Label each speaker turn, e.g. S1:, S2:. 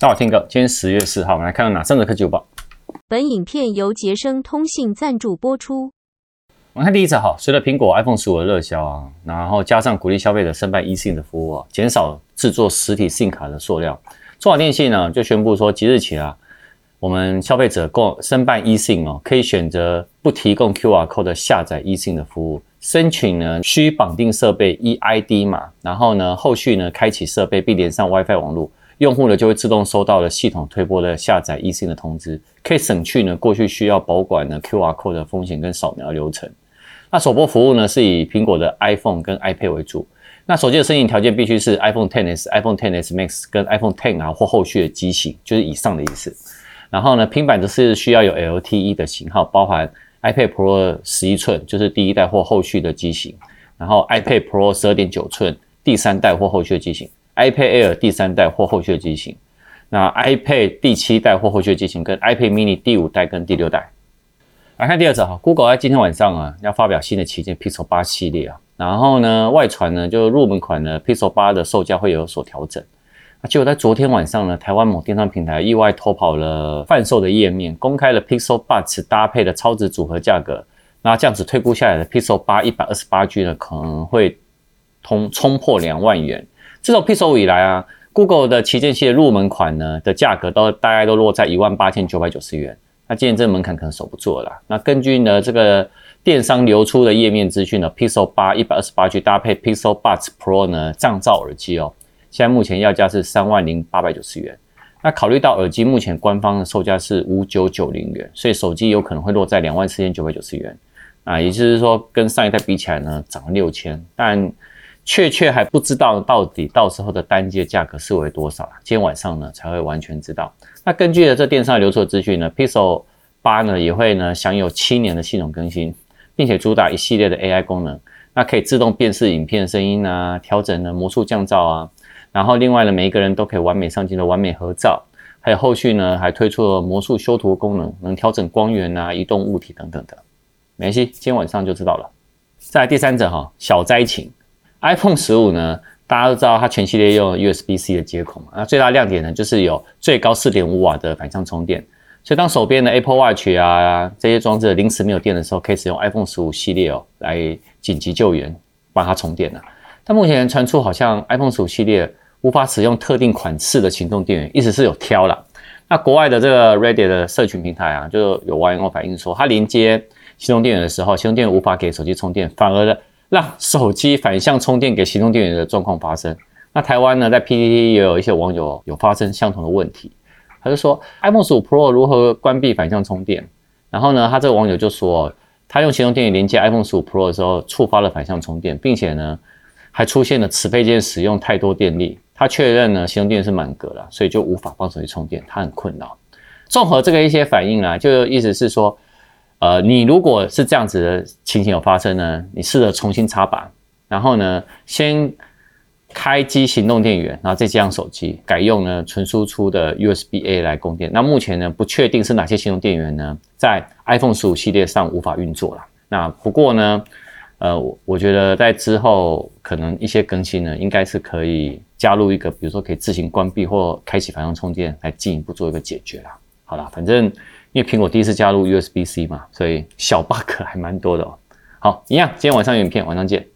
S1: 大家好，我聽哥，今天十月四號，我們來看看哪三則科技播報。本影片由傑生通信贊助播出。我們看第一集。哈，隨着蘋果 iPhone 十五的熱銷啊，然後加上鼓勵消費者申辦 e 性的服務啊，減少製作實體信卡的塑料，中華電信呢就宣布說，即日起啊，我們消費者購申辦 e 性哦，可以選擇不提供 QR Code 下載 e 性的服務，申請呢需綁定設備 EID 碼，然後呢後續呢開啟設備並連上 WiFi 網絡。用戶呢就會自動收到了系統推播的下載 eSIM 的通知，可以省去呢過去需要保管的 QR code 的風險跟掃描流程。那首波服務呢是以蘋果的 iPhone 跟 iPad 為主，那手機的申請條件必須是 iPhone XS、iPhone XS Max 跟 iPhone XR 或後續的機型，就是以上的意思。然後呢，平板則是需要有 LTE 的型號，包含 iPad Pro 十一寸，就是第一代或後續的機型，然後 iPad Pro 十二點九寸，第三代或後續的機型。iPad Air 第三代或後續的機型，那 iPad 第七代或後續的機型，跟 iPad mini 第五代跟第六代，來看第二則哈，Google 在今天晚上啊，要發表新的旗艦 Pixel 八系列啊，然後呢，外傳呢，就入門款呢 Pixel 八的售價會有所調整。那結果在昨天晚上呢，台灣某電商平台意外偷跑了販售的頁面，公開了 Pixel 八搭配的超值組合價格，那這樣子推估下來的 Pixel 八一百二十八 G 呢，可能會通衝破兩萬元。自從 Pixel 五以來啊，Google 的旗艦系列入門款呢的價格都大概都落在一萬八千九百九十元。那今年這個門檻可能守不住了啦。那根據呢這個電商流出的頁面資訊呢，Pixel 八一百二十八 G 搭配 Pixel Buds Pro 呢降噪耳機哦，現在目前要價是三萬零八百九十元。那考慮到耳機目前官方的售價是五九九零元，所以手機有可能會落在兩萬四千九百九十元啊，那也就是說跟上一代比起來呢，漲了六千，但確切還不知道到底到時候的單機價格是為多少，今天晚上呢才會完全知道。那根據了這電商流出的資訊呢，Pixel 8呢也會呢享有七年的系統更新，並且主打一系列的 AI 功能，那可以自動辨識影片聲音啊，調整呢魔術降噪啊，然後另外呢每一個人都可以完美上鏡的完美合照，還有後續呢還推出了魔術修圖功能，能調整光源啊、移動物體等等的。沒關係，今天晚上就知道了。再來第三者哈，小災情。iPhone 十五呢，大家都知道它全系列用 USB-C 的接口嘛，那、啊、最大亮點呢就是有最高四點五瓦的反向充電，所以當手邊的 Apple Watch 啊這些裝置臨時沒有電的時候，可以使用 iPhone 十五系列哦來緊急救援，幫它充電了。但目前傳出好像 iPhone 十五系列無法使用特定款式的行動電源，一直是有挑了。那國外的這個 Reddit 的社群平台啊，就有網友反映說，它連接行動電源的時候，行動電源無法給手機充電，反而呢讓手機反向充電給行動電源的狀況發生。那台灣呢，在 PTT 也有一些網友有發生相同的問題。他就說，iPhone 15 Pro 如何關閉反向充電？然後呢，他這個網友就說，他用行動電源連接 iPhone 15 Pro 的時候，觸發了反向充電，並且呢，還出現了此配件使用太多電力。他確認呢，行動電源是滿格了，所以就無法幫手機充電，他很困擾。綜合這個一些反應啊，就意思是說。呃，你如果是這樣子的情形有發生呢，你試着重新插拔，然後呢，先開機行動電源，然後再接上手機，改用呢純輸出的 USB-A 來供電。那目前呢，不確定是哪些行動電源呢，在 iPhone 十五系列上無法運作了。那不過呢，呃，我覺得在之後可能一些更新呢，應該是可以加入一個，比如說可以自行關閉或開啟反向充電，來進一步做一個解決啦。好了，反正。因為蘋果第一次加入 USB-C 嘛，所以小 bug 還蠻多的哦。好，一樣，今天晚上有影片，晚上見。